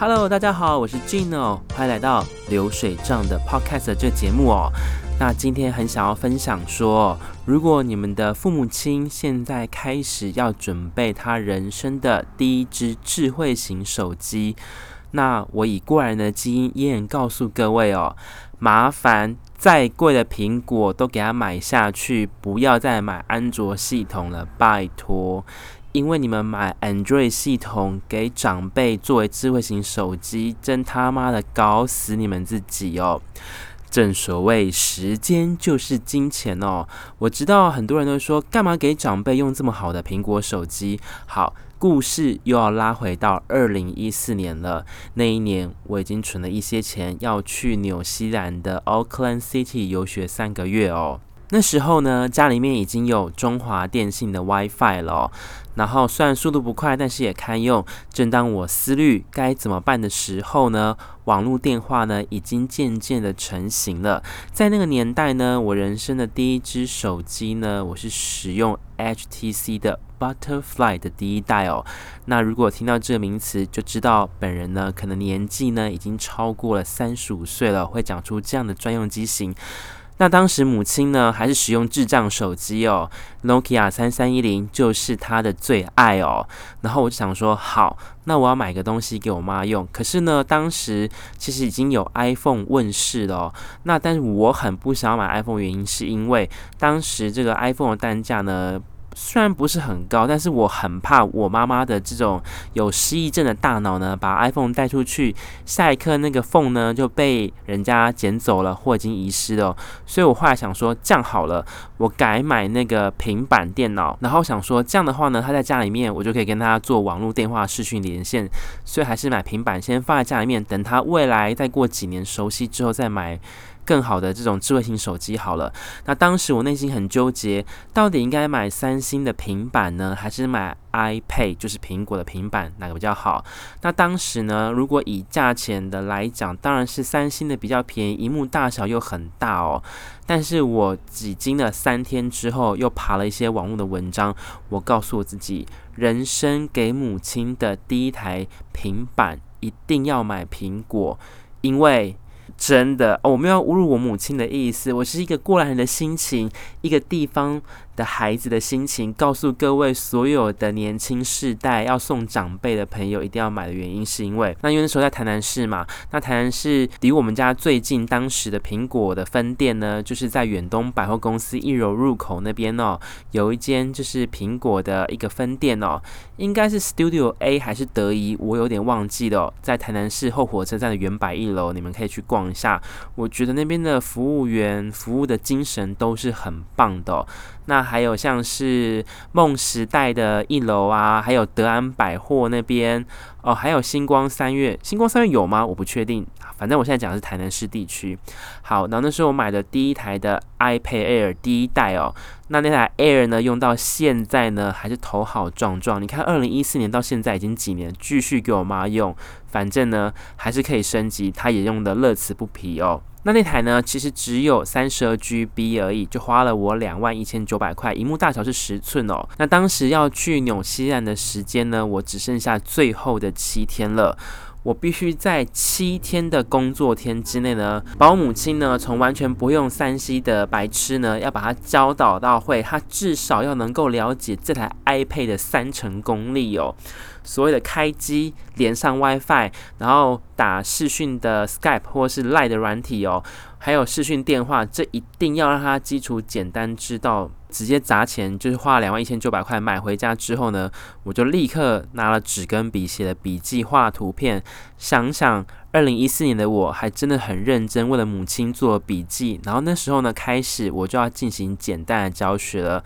Hello，大家好，我是 Gino，歡迎來到流水賬的 Podcast 這節目哦。那今天很想要分享說，如果你們的父母親現在開始要準備他人生的第一支智慧型手機，那我以過來人的經驗告訴各位哦，麻煩再貴的蘋果都給他買下去，不要再買安卓系統了，拜託。因為你們買 Android 系統給長輩作為智慧型手機，真他媽的搞死你們自己哦！正所謂時間就是金錢哦。我知道很多人都說，幹嘛給長輩用這麼好的蘋果手機？好，故事又要拉回到二零一四年了。那一年我已經存了一些錢，要去紐西蘭的 Auckland City 遊學三個月哦。那時候呢，家裡面已經有中華電信的 WiFi 了。然後雖然速度不快，但是也堪用。正當我思慮該怎麼辦的時候呢，網絡電話呢已經漸漸的成型了。在那個年代呢，我人生的第一只手機呢，我是使用 HTC 的 Butterfly 的第一代哦。那如果聽到這個名詞，就知道本人呢可能年紀呢已經超過了三十五歲了，會講出這樣的專用機型。那當時母親呢，還是使用智障手機哦，Nokia 3310就是她的最愛哦、喔。然後我就想說，好，那我要買個東西給我媽用。可是呢，當時其實已經有 iPhone 問世了、喔，那但是我很不想要買 iPhone，原因是因為當時這個 iPhone 的單價呢。雖然不是很高，但是我很怕我媽媽的這種有失憶症的大腦呢，把 iPhone 帶出去，下一刻那個 phone 呢就被人家撿走了，或已經遺失了哦。所以我後來想說，這樣好了，我改買那個平板電腦。然後想說，這樣的話呢，他在家裡面我就可以跟他做網絡電話視訊連線。所以還是買平板，先放在家裡面，等他未來再過幾年熟悉之後再買更好的這種智慧型手機好了，那當時我內心很糾結，到底應該買三星的平板呢，還是買 iPad，就是蘋果的平板哪個比較好？那當時呢，如果以價錢的來講，當然是三星的比較便宜，螢幕大小又很大哦。但是我幾經了三天之後，又爬了一些網絡的文章，我告訴我自己，人生給母親的第一台平板一定要買蘋果，因為。真的，哦，我沒有要侮辱我母親的意思，我是一個過來人的心情，一個地方，的孩子的心情，告訴各位所有的年輕世代，要送長輩的朋友一定要買的原因，是因為那因為那時候在台南市嘛，那台南市離我們家最近當時的蘋果的分店呢，就是在遠東百貨公司一樓入口那邊哦，有一間就是蘋果的一個分店哦，應該是 Studio A 還是德誼，我有點忘記了，哦，在台南市後火車站的遠百一樓，你們可以去逛一下，我覺得那邊的服務員服務的精神都是很棒的，哦，那。還有像是夢時代的一樓啊，還有德安百貨那邊。哦，還有星光三月，星光三月有嗎？我不確定。反正我現在講的是台南市地區。好，然後那時候我買的第一台的 iPad Air 第一代哦，那那台 Air 呢用到現在呢還是頭好壯壯。你看，二零一四年到現在已經幾年，繼續給我媽用，反正呢還是可以升級，她也用得樂此不疲哦。那那台呢其實只有三十二 GB 而已，就花了我兩萬一千九百塊，螢幕大小是十寸哦。那當時要去紐西蘭的時間呢，我只剩下最後的。七天了，我必須在七天的工作天之內呢，我把母親呢從完全不用三 C 的白痴呢，要把她教導到會，她至少要能夠了解這台 iPad 的三成功力哦、喔。所謂的開機、連上 WiFi，然後打視訊的 Skype 或是 Line 的軟體哦、喔，還有視訊電話，這一定要讓她基礎簡單知道。直接砸錢，就是花兩萬一千九百塊買回家之後呢，我就立刻拿了紙跟筆寫了筆記，畫了圖片，想想二零一四年的我還真的很認真，為了母親做筆記。然後那時候呢，開始我就要進行簡單的教學了。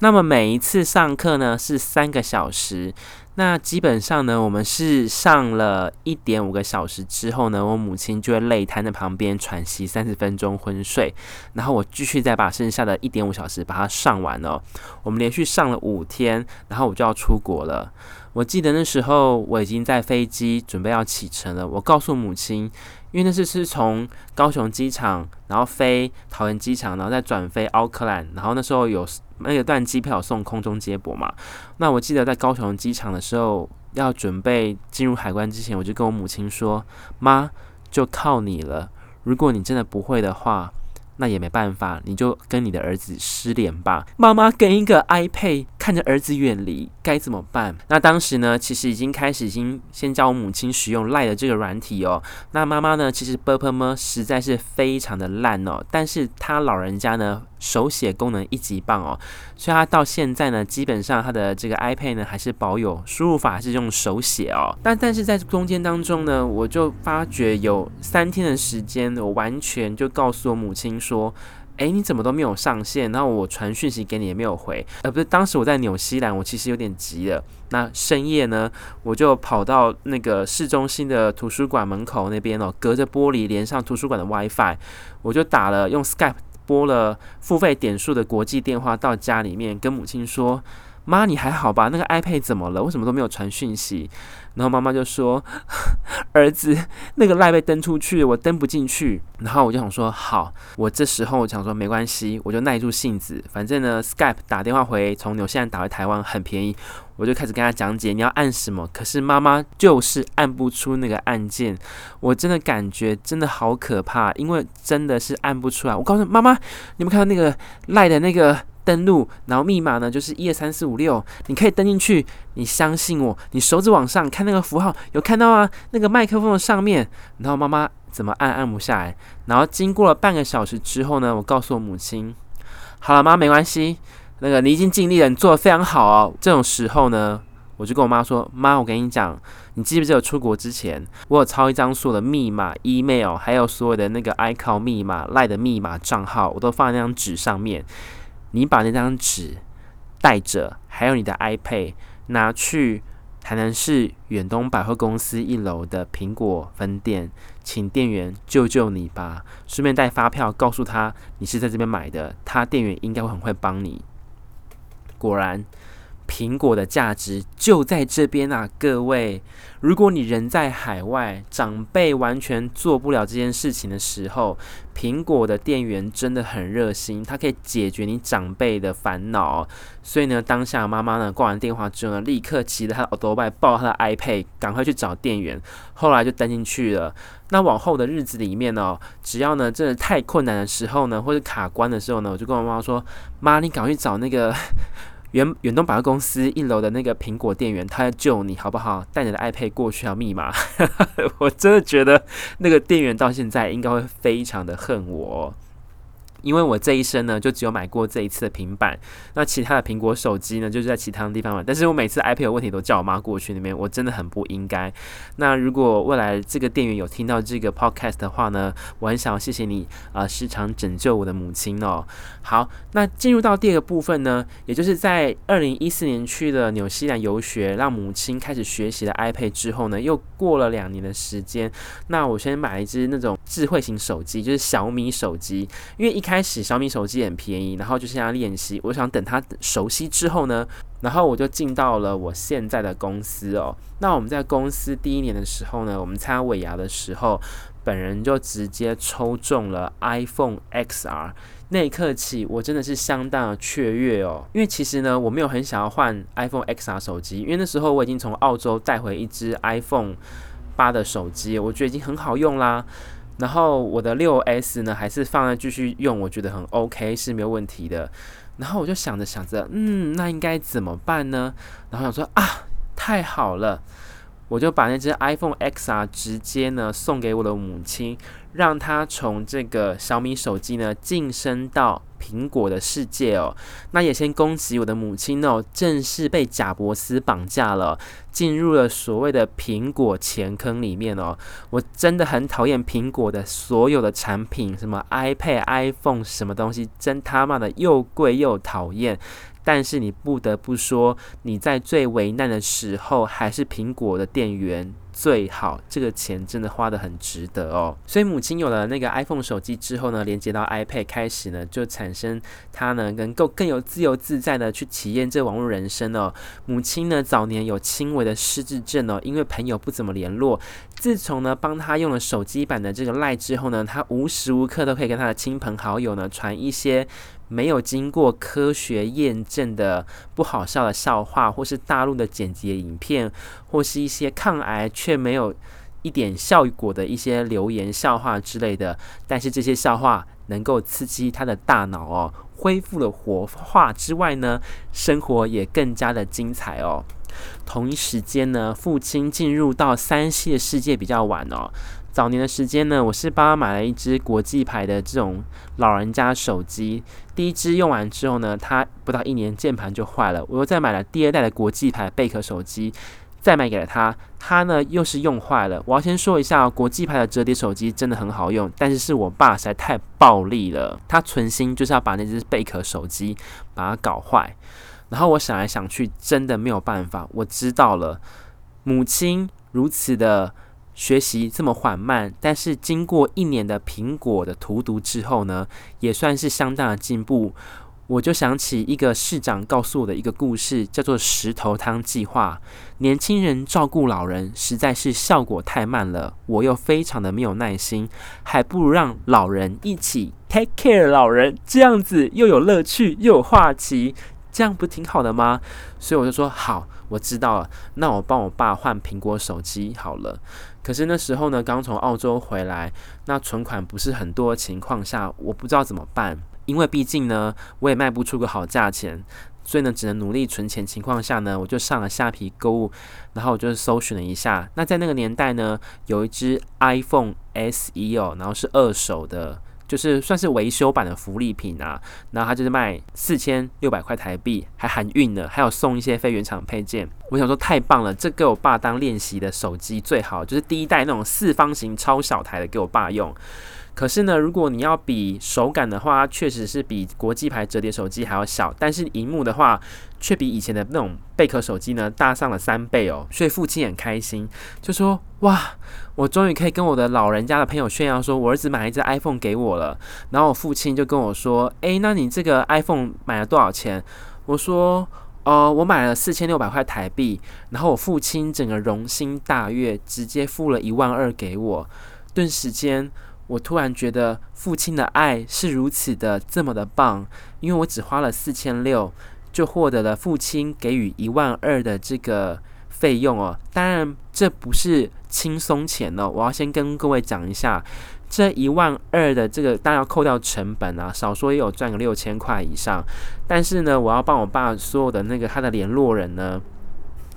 那麼每一次上課呢，是三個小時。那基本上呢，我們是上了一點五個小時之後呢，我母親就會累癱在旁邊喘息三十分鐘昏睡，然後我繼續再把剩下的一點五小時把它上完哦。我們連續上了五天，然後我就要出國了。我記得那時候我已經在飛機準備要啟程了，我告訴母親。因為那次是從高雄機場，然後飛桃園機場，然後再轉飛奧克蘭，然後那時候有那個段機票送空中接駁嘛。那我記得在高雄機場的時候，要準備進入海關之前，我就跟我母親說：“媽，就靠你了。如果你真的不會的話。”那也沒辦法，你就跟你的兒子失聯吧。媽媽跟一個 iPad 看着兒子遠離，該怎麼辦？那當時呢，其實已經開始，已經先教我母親使用 Line 的這個軟體哦。那媽媽呢，其實 ㄅㄆㄇ 實在是非常的爛哦，但是她老人家呢手寫功能一級棒哦，所以她到現在呢基本上她的這個 iPad 呢還是保有輸入法是用手寫哦。但但是在中間當中呢，我就發覺有三天的時間，我完全就告訴我母親。說，誒，你怎麼都沒有上線？然後我傳訊息給你也沒有回，呃，不是，當時我在紐西蘭，我其實有點急了。那深夜呢，我就跑到那個市中心的圖書館門口那邊哦，隔着玻璃連上圖書館的 WiFi，我就打了用 Skype 撥了付費點數的國際電話到家裡面，跟母親說。媽，你還好吧？那個 iPad 怎麼了？為什麼都沒有傳訊息？然後媽媽就說呵呵：“兒子，那個賴被登出去，我登不進去。”然後我就想說：“好，我這時候我想說沒關係，我就耐住性子，反正呢，Skype 打電話回從紐西蘭打回台灣很便宜。”我就開始跟他講解你要按什麼，可是媽媽就是按不出那個按鍵，我真的感覺真的好可怕，因為真的是按不出來。我告訴你媽媽，你們看到那個賴的那個。登錄，然後密碼呢？就是一二三四五六。你可以登進去。你相信我，你手指往上看那個符號，有看到啊？那個麥克風的上面。然後媽媽怎麼按，按不下來？然後經過了半個小時之後呢，我告訴我母親：“好了媽，沒關係。”那個你已經盡力了，你做得非常好哦。這種時候呢，我就跟我媽說：“媽，我跟你講，你記不記得我出國之前，我有抄一張所有的密碼、email，還有所有的那個 icall 密碼、line 的密碼賬號，我都放在那張紙上面。”你把那張紙帶着，還有你的 iPad 拿去台南市遠東百貨公司一樓的蘋果分店，請店員救救你吧！順便帶發票，告訴他你是在這邊買的，他店員應該會很會幫你。果然。蘋果的價值就在這邊啊，各位！如果你人在海外，長輩完全做不了這件事情的時候，蘋果的店員真的很熱心，他可以解決你長輩的煩惱。所以呢，當下媽媽呢掛完電話之後呢，立刻騎着他的歐兜邁抱他的 iPad，趕快去找店員。後來就登進去了。那往後的日子裡面呢、哦，只要呢真的太困難的時候呢，或者卡關的時候呢，我就跟我媽媽說：“媽，你趕快去找那個。”遠遠東百貨公司一樓的那個蘋果店員，他要救你，好不好？帶你的 iPad 過去啊，密碼。哈哈。我真的覺得那個店員到現在應該會非常的恨我。因為我這一生呢，就只有買過這一次的平板，那其他的蘋果手機呢，就是在其他的地方買。但是我每次 iPad 有問題，都叫我媽過去那邊，我真的很不應該。那如果未來這個店員有聽到這個 Podcast 的話呢，我很想要謝謝你啊、呃，時常拯救我的母親哦、喔。好，那進入到第二個部分呢，也就是在二零一四年去了紐西蘭游學，讓母親開始學習了 iPad 之後呢，又過了兩年的時間，那我先買一支那種智慧型手機，就是小米手機，因為一開。開始小米手機很便宜，然後就這樣練習。我想等他熟悉之後呢，然後我就進到了我現在的公司哦。那我們在公司第一年的時候呢，我們參加尾牙的時候，本人就直接抽中了 iPhone XR。那一刻起，我真的是相當的雀躍哦，因為其實呢，我沒有很想要換 iPhone XR 手機，因為那時候我已經從澳洲帶回一只 iPhone 8的手機，我覺得已經很好用啦。然後我的六 S 呢，還是放在繼續用，我覺得很 OK，是沒有問題的。然後我就想着想着，嗯，那應該怎麼辦呢？然後想說啊，太好了，我就把那只 iPhone XR 啊，直接呢送給我的母親。讓他從這個小米手機呢晉升到蘋果的世界哦。那也先恭喜我的母親哦，正式被賈伯斯綁架了，進入了所謂的蘋果錢坑裡面哦。我真的很討厭蘋果的所有的產品，什麼 iPad、iPhone 什麼東西，真他媽的又貴又討厭。但是你不得不說，你在最危難的時候還是蘋果的電源。最好這個錢真的花得很值得哦，所以母親有了那個 iPhone 手機之後呢，連接到 iPad 開始呢，就產生她呢能夠更有自由自在的去體驗這網絡人生哦。母親呢早年有輕微的失智症哦，因為朋友不怎麼聯絡，自從呢幫她用了手機版的這個賴之後呢，她無時無刻都可以跟她的親朋好友呢傳一些沒有經過科學驗證的不好笑的笑話，或是大陸的剪輯影片，或是一些抗癌，卻沒有一點效果的一些留言、笑話之類的，但是這些笑話能夠刺激他的大腦哦，恢復了活化之外呢，生活也更加的精彩哦。同一時間呢，父親進入到 3C 的世界比較晚哦，早年的時間呢，我是幫他買了一只國際牌的這種老人家手機，第一支用完之後呢，他不到一年鍵盤就壞了，我又再買了第二代的國際牌貝殼手機。再買給了他，他呢又是用壞了。我要先說一下，國際牌的摺疊手機真的很好用，但是是我爸實在太暴力了，他存心就是要把那隻貝殼手機把它搞壞。然後我想來想去，真的沒有辦法。我知道了，母親如此的學習這麼緩慢，但是經過一年的蘋果的荼毒之後呢，也算是相當的進步。我就想起一個市長告訴我的一個故事，叫做“石頭湯計劃”。年輕人照顧老人實在是效果太慢了，我又非常的沒有耐心，還不如讓老人一起 take care 老人，這樣子又有樂趣又有話題，這樣不挺好的嗎？所以我就說好，我知道了，那我幫我爸換蘋果手機好了。可是那時候呢，剛從澳洲回來，那存款不是很多情況下，我不知道怎麼辦。因為畢竟呢，我也賣不出個好價錢，所以呢，只能努力存錢。情況下呢，我就上了蝦皮購物，然後我就搜尋了一下。那在那個年代呢，有一隻 iPhone SE 哦，然後是二手的，就是算是維修版的福利品啊。然後它就是賣四千六百塊台幣，還含運呢，還有送一些非原廠配件。我想說，太棒了！這給我爸當練習的手機最好，就是第一代那種四方形超小台的，給我爸用。可是呢，如果你要比手感的話，確實是比國際牌摺疊手機還要小，但是螢幕的話，卻比以前的那種貝殼手機呢大上了三倍哦。所以父親很開心，就說：“哇，我終於可以跟我的老人家的朋友炫耀說，說我兒子買一隻 iPhone 給我了。”然後我父親就跟我說：“誒，那你這個 iPhone 買了多少錢？”我說：“呃，我買了四千六百塊台幣。”然後我父親整個龍心大悅，直接付了一萬二給我，頓時間。我突然覺得父親的愛是如此的這麼的棒，因為我只花了四千六，就獲得了父親給予一萬二的這個費用哦。當然，這不是輕鬆錢哦。我要先跟各位講一下，這一萬二的這個，當然要扣掉成本啊，少說也有賺個六千塊以上。但是呢，我要幫我爸所有的那個他的聯絡人呢。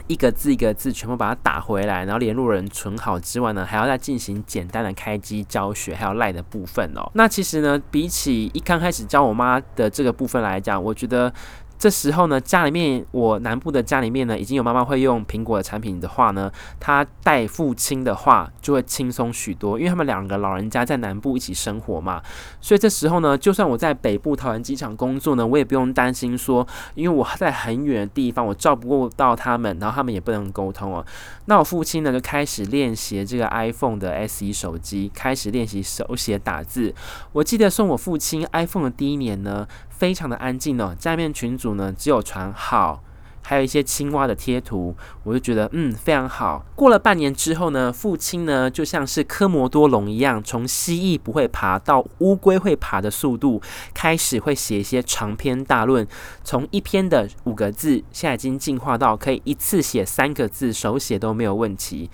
一個字一個字全部把它打回來，然後聯絡人存好之外呢，還要再進行簡單的開機教學，還有賴的部分哦、喔。那其實呢，比起一剛開始教我媽的這個部分來講，我覺得。這時候呢，家裡面我南部的家裡面呢，已經有媽媽會用蘋果的產品的話呢，她帶父親的話就會輕鬆許多，因為他們兩個老人家在南部一起生活嘛。所以這時候呢，就算我在北部桃園機場工作呢，我也不用擔心說，因為我在很遠的地方，我照顧不到他們，然後他們也不能溝通哦。那我父親呢，就開始練習這個 iPhone 的 SE 手機，開始練習手寫打字。我記得送我父親 iPhone 的第一年呢。非常的安靜呢、哦，下面群組呢只有傳好，還有一些青蛙的貼圖，我就覺得，嗯，非常好。過了半年之後呢，父親呢就像是科摩多龍一樣，從蜥蜴不會爬到烏龜會爬的速度，開始會寫一些長篇大論，從一篇的五個字，現在已經進化到可以一次寫三個字，手寫都沒有問題。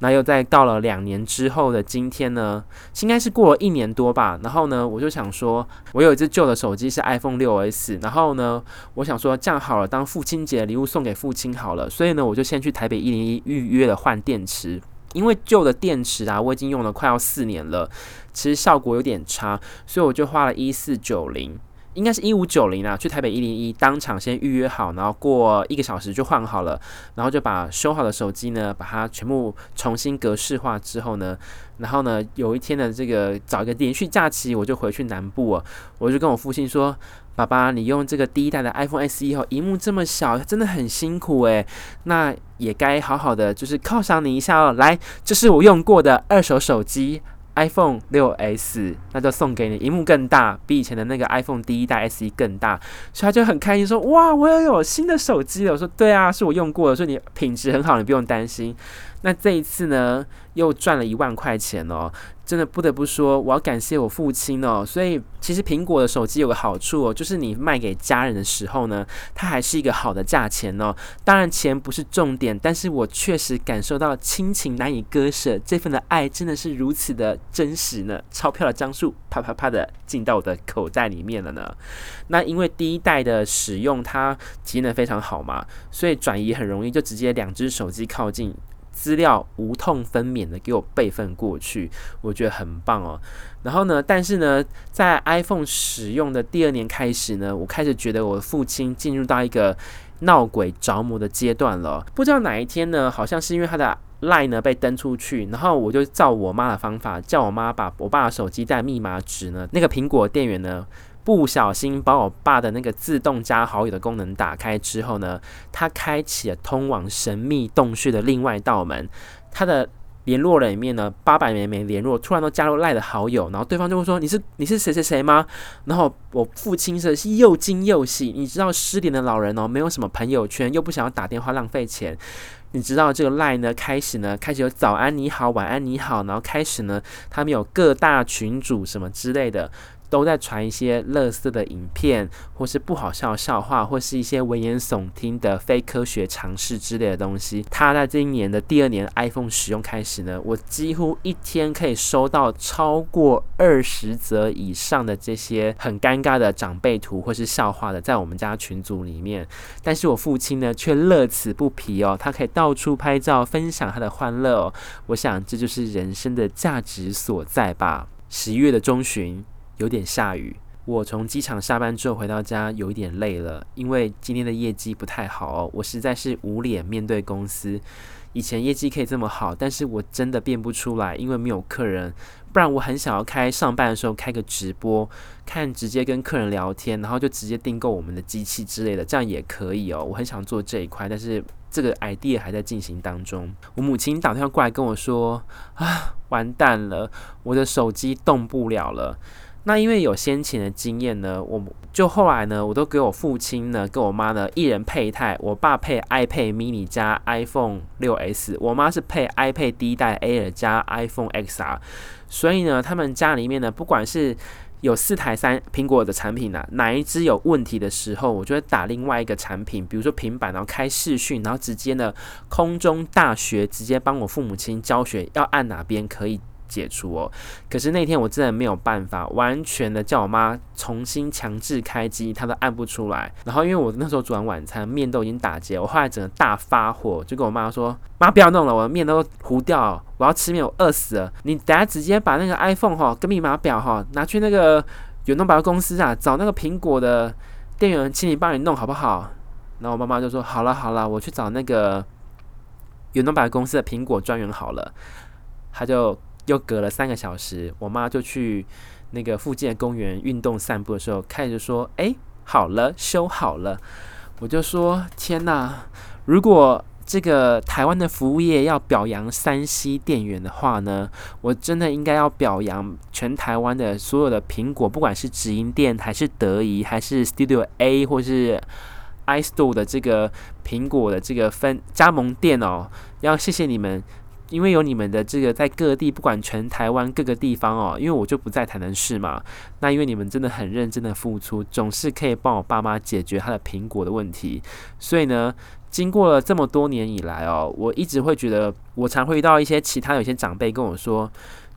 那又在到了兩年之後的今天呢，應該是過了一年多吧。然後呢，我就想說，我有一只舊的手機是 iPhone 六 S，然後呢，我想說這樣好了，當父親節禮物送給父親好了。所以呢，我就先去台北一零一預約了換電池，因為舊的電池啊，我已經用了快要四年了，其實效果有點差，所以我就花了一四九零。應該是一五九零啊，去台北一零一當場先預約好，然後過一個小時就換好了，然後就把修好的手機呢，把它全部重新格式化之後呢，然後呢有一天呢，這個找一個連續假期，我就回去南部，我就跟我父親說：“爸爸，你用這個第一代的 iPhone SE 後，屏幕這麼小，真的很辛苦誒。那也該好好的就是犒賞你一下哦，來，這是我用過的二手手機。” iPhone 6S，那就送給你，螢幕更大，比以前的那個 iPhone 第一代 SE 更大，所以他就很開心說：“哇，我也有新的手機了。”我說：“對啊，是我用過的，所以你品質很好，你不用擔心。”那這一次呢，又賺了一萬塊錢哦，真的不得不說，我要感謝我父親哦。所以其實蘋果的手機有個好處哦，就是你賣給家人的時候呢，它還是一個好的價錢哦。當然錢不是重點，但是我確實感受到親情難以割捨，這份的愛真的是如此的真實呢。鈔票的張數啪啪啪啪的進到我的口袋裡面了呢。那因為第一代的使用，它體驗得非常好嘛，所以轉移很容易，就直接兩隻手機靠近。資料無痛分娩的給我備份過去，我覺得很棒哦。然後呢，但是呢，在 iPhone 使用的第二年開始呢，我開始覺得我父親進入到一個鬧鬼着魔的階段了。不知道哪一天呢，好像是因為他的 Line 呢被登出去，然後我就照我媽的方法，叫我媽把我爸的手機帶密碼紙呢，那個蘋果店員呢。不小心把我爸的那個自動加好友的功能打開之後呢，他開啟了通往神秘洞穴的另外一道門。他的聯絡人裡面呢，八百年沒聯絡，突然都加入 LINE 的好友，然後對方就會說：“你是你是誰誰誰嗎？”然後我父親是又驚又喜。你知道失聯的老人哦，沒有什麼朋友圈，又不想要打電話浪費錢。你知道這個 LINE 呢，開始呢開始有早安你好，晚安你好，然後開始呢，他們有各大群組什麼之類的。都在傳一些垃圾的影片，或是不好笑的笑話，或是一些危言聳聽的非科學常識之類的東西。他在今年的第二年 iPhone 使用開始呢，我幾乎一天可以收到超過二十則以上的這些很尷尬的長輩圖或是笑話的，在我們家群組裡面。但是我父親呢，卻樂此不疲哦，他可以到處拍照分享他的歡樂哦。我想這就是人生的價值所在吧。十一月的中旬。有點下雨。我從機場下班之後回到家，有一點累了，因為今天的業績不太好哦。我實在是無臉面對公司，以前業績可以這麼好，但是我真的變不出來，因為沒有客人。不然我很想要開上班的時候開個直播，看直接跟客人聊天，然後就直接訂購我們的機器之類的，這樣也可以哦。我很想做這一塊，但是這個 idea 還在進行當中。我母親打電話過來跟我說：“啊，完蛋了，我的手機動不了了。”那因為有先前的經驗呢，我就後來呢,我都給我父親呢，跟我媽呢，一人配一台。我爸配 iPad mini 加 iPhone 6s，我媽是配 iPad 第一代 Air 加 iPhone XR。R, 所以呢，他們家裡面呢，不管是有四台三蘋果的產品呢、啊，哪一支有問題的時候，我就會打另外一個產品，比如說平板，然後開視訊，然後直接呢空中大學直接幫我父母親教學，要按哪邊可以解除哦，可是那天我真的沒有辦法，完全的叫我媽重新強制開機，她都按不出來。然後因為我那時候煮完晚餐麵都已經打結，我後來整個大發火，就跟我媽說：“媽，不要弄了，我的麵都糊掉，我要吃麵，我餓死了。”你等下直接把那個 iPhone 哈跟密碼表哈拿去那個遠東百貨公司啊，找那個蘋果的店員，請你幫你弄好不好？然後我媽媽就說：“好了好了，我去找那個遠東百貨公司的蘋果專員好了。”她就。又隔了三個小時，我媽就去那個附近的公園運動散步的時候，開始說：“哎，好了，修好了。”我就說：“天哪！如果這個台灣的服務業要表揚 3C 店員的話呢，我真的應該要表揚全台灣的所有的蘋果，不管是直營店還是德誼，還是 Studio A，或是 iStore 的這個蘋果的這個分加盟店哦，要謝謝你們。”因為有你們的這個在各地，不管全台灣各個地方哦，因為我就不在台南市嘛。那因為你們真的很認真的付出，總是可以幫我爸媽解決他的蘋果的問題。所以呢，經過了這麼多年以來哦，我一直會覺得，我常會遇到一些其他有些長輩跟我說：“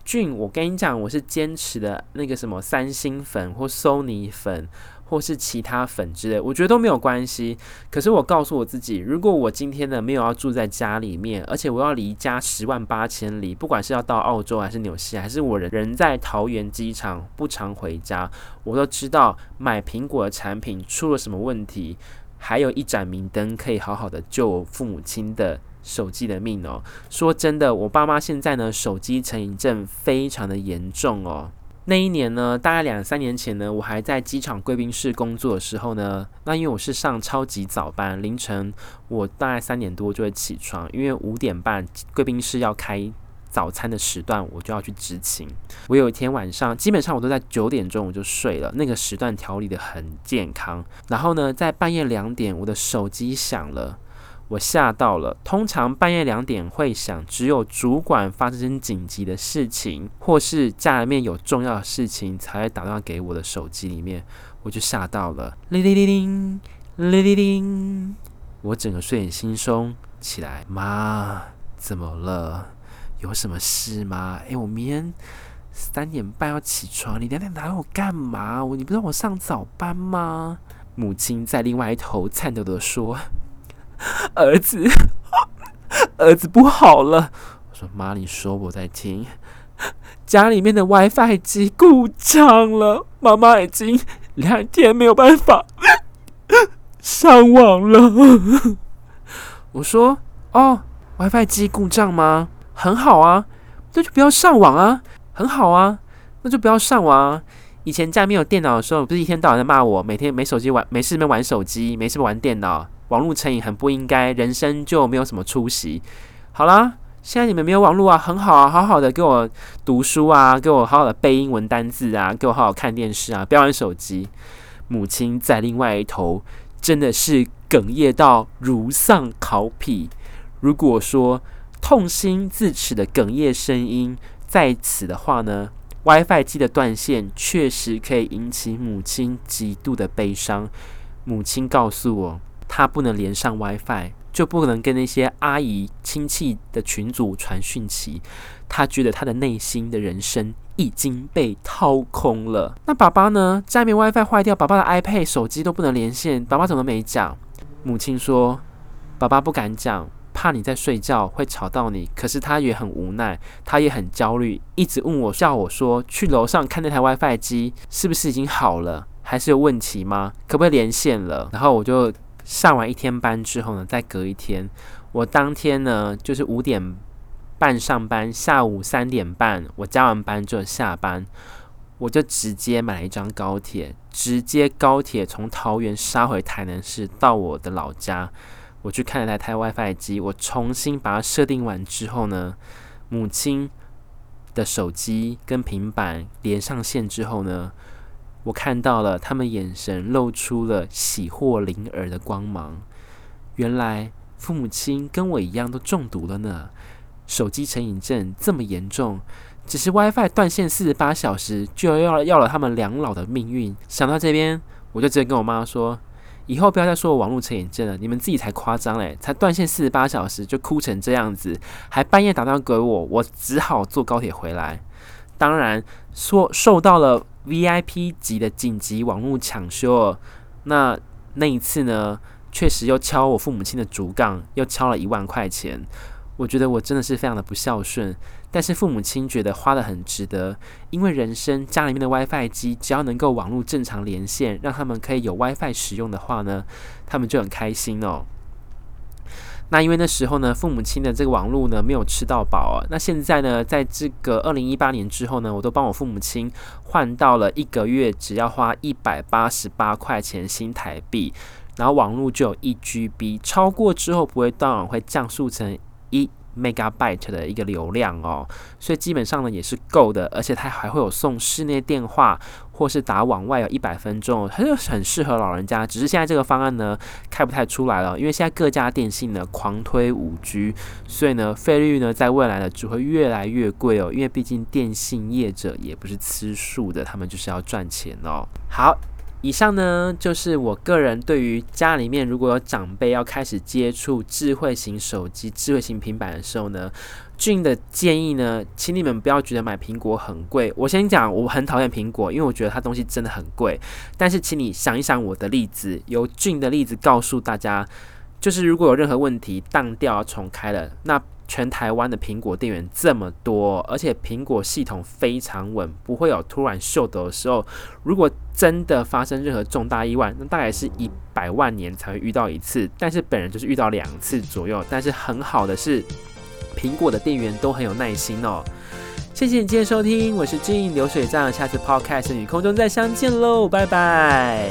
俊，我跟你講，我是堅持的那個什麼三星粉或 Sony 粉。”或是其他粉之類，我覺得都沒有關係。可是我告訴我自己，如果我今天呢，沒有要住在家裡面，而且我要離家十萬八千里，不管是要到澳洲還是紐西，還是我人人在桃園機場，不常回家，我都知道買蘋果的產品出了什麼問題，還有一盞明燈可以好好的救我父母親的手機的命哦、喔。說真的，我爸媽現在呢，手機成癮症非常的嚴重哦、喔。那一年呢，大概兩三年前呢，我還在機場貴賓室工作的時候呢，那因為我是上超級早班，凌晨我大概三點多就會起床，因為五點半貴賓室要開早餐的時段，我就要去執勤。我有一天晚上，基本上我都在九點鐘我就睡了，那個時段調理得很健康。然後呢，在半夜兩點，我的手機響了。我嚇到了。通常半夜兩點會響，只有主管發生緊急的事情，或是家裡面有重要的事情，才會打電話給我的手機裡面。我就嚇到了，鈴鈴鈴鈴，鈴鈴，我整個睡眼惺忪起來，媽，怎麼了？有什麼事嗎？哎、欸，我明天三點半要起床，你兩點打我幹嘛我？你不知道我上早班嗎？母親在另外一頭顫抖的說。兒子，兒子不好了！我說媽，你說我在聽。家裡面的 WiFi 機故障了，媽媽已經兩天沒有辦法上網了。我說哦，WiFi 機故障嗎？很好啊，那就不要上網啊，很好啊，那就不要上網啊。以前家裡沒有電腦的時候，不是一天到晚在罵我，每天沒手機玩，沒事沒玩手機，沒事玩電腦。網絡成癮很不應該，人生就沒有什麼出息。好啦，現在你們沒有網絡啊，很好啊，好好的給我讀書啊，給我好好的背英文單字啊，給我好好看電視啊，不要玩手機。母親在另外一頭，真的是哽咽到如喪考妣。如果說痛心自恥的哽咽聲音在此的話呢，WiFi 機的斷線確實可以引起母親極度的悲傷。母親告訴我。他不能連上 WiFi，就不能跟那些阿姨親戚的群組傳訊息。他覺得他的內心的人生已經被掏空了。那爸爸呢？家裡面 WiFi 壞掉，爸爸的 iPad、手機都不能連線，爸爸怎麼沒講？母親說：“爸爸不敢講，怕你在睡覺會吵到你。”可是他也很無奈，他也很焦慮，一直問我，叫我說去樓上看那台 WiFi 機是不是已經好了，還是有問題嗎？可不可以連線了？然後我就。上完一天班之後呢，再隔一天，我當天呢就是五點半上班，下午三點半我加完班就下班，我就直接買了一張高鐵，直接高鐵從桃園殺回台南市，到我的老家，我去看了一台台 WiFi 機，我重新把它設定完之後呢，母親的手機跟平板連上線之後呢。我看到了，他們眼神露出了喜獲麟兒的光芒。原來父母親跟我一樣都中毒了呢。手機成癮症這麼嚴重，只是 WiFi 斷線四十八小時就要要了他們兩老的命運。想到這邊，我就直接跟我媽說：“以後不要再說我網絡成癮症了，你們自己才誇張嘞！才斷線四十八小時就哭成這樣子，還半夜打電話給我，我只好坐高鐵回來。當然，說受到了。” VIP 級的緊急網絡搶修哦，那那一次呢，確實又敲我父母親的竹槓，又敲了一萬塊錢。我覺得我真的是非常的不孝順，但是父母親覺得花的很值得，因為人生家裡面的 WiFi 機只要能夠網絡正常連線，讓他們可以有 WiFi 使用的話呢，他們就很開心哦。那因為那時候呢，父母親的這個網絡呢沒有吃到飽啊。那現在呢，在這個二零一八年之後呢，我都幫我父母親換到了一個月只要花一百八十八塊錢新台幣，然後網絡就有一 GB，超過之後不會斷網，會降速成一。Megabyte 的一個流量哦、喔，所以基本上呢也是夠的，而且它還會有送室內電話或是打往外有一百分鐘、喔，它就很適合老人家。只是現在這個方案呢開不太出來了，因為現在各家電信呢狂推五 G，所以呢費率呢在未來呢只會越來越貴哦，因為畢竟電信業者也不是吃素的，他們就是要賺錢哦、喔。好。以上呢，就是我個人對於家裡面如果有長輩要開始接觸智慧型手機、智慧型平板的時候呢，俊的建議呢，請你們不要覺得買蘋果很貴。我先講，我很討厭蘋果，因為我覺得它東西真的很貴。但是，請你想一想我的例子，由俊的例子告訴大家，就是如果有任何問題，當掉重開了，那。全台灣的蘋果店員這麼多，而且蘋果系統非常穩，不會有突然秀逗的時候，如果真的發生任何重大意外，那大概是一百萬年才會遇到一次。但是本人就是遇到兩次左右，但是很好的是，蘋果的店員都很有耐心哦。謝謝你今天收聽，我是 Gene 流水賬，下次 Podcast 與空中再相見嘍，拜拜。